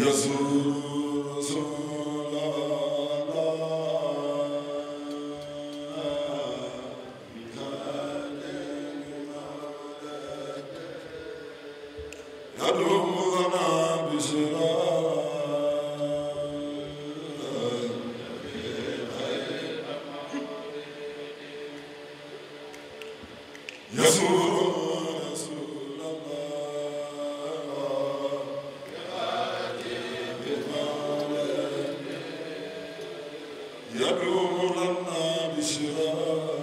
Oh, yes, يدعو لنا بشرا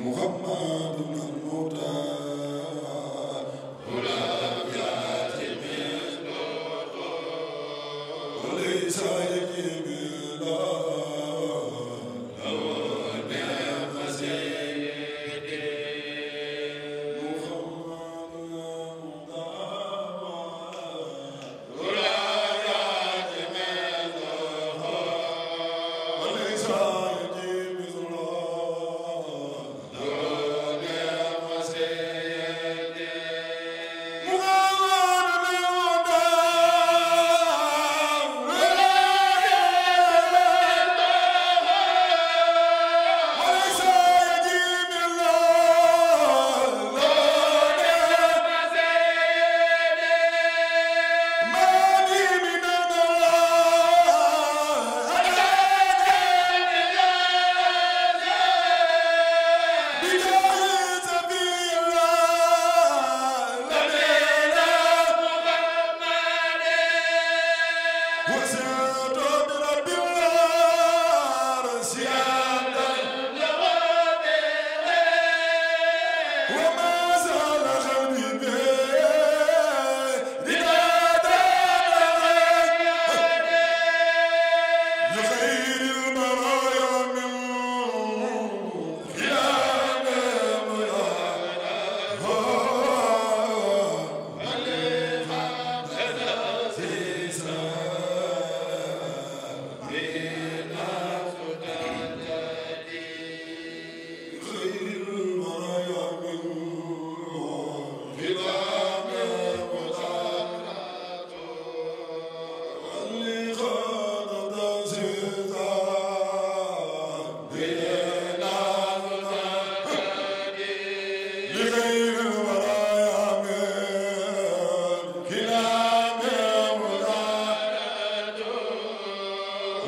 Muhammadun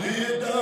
di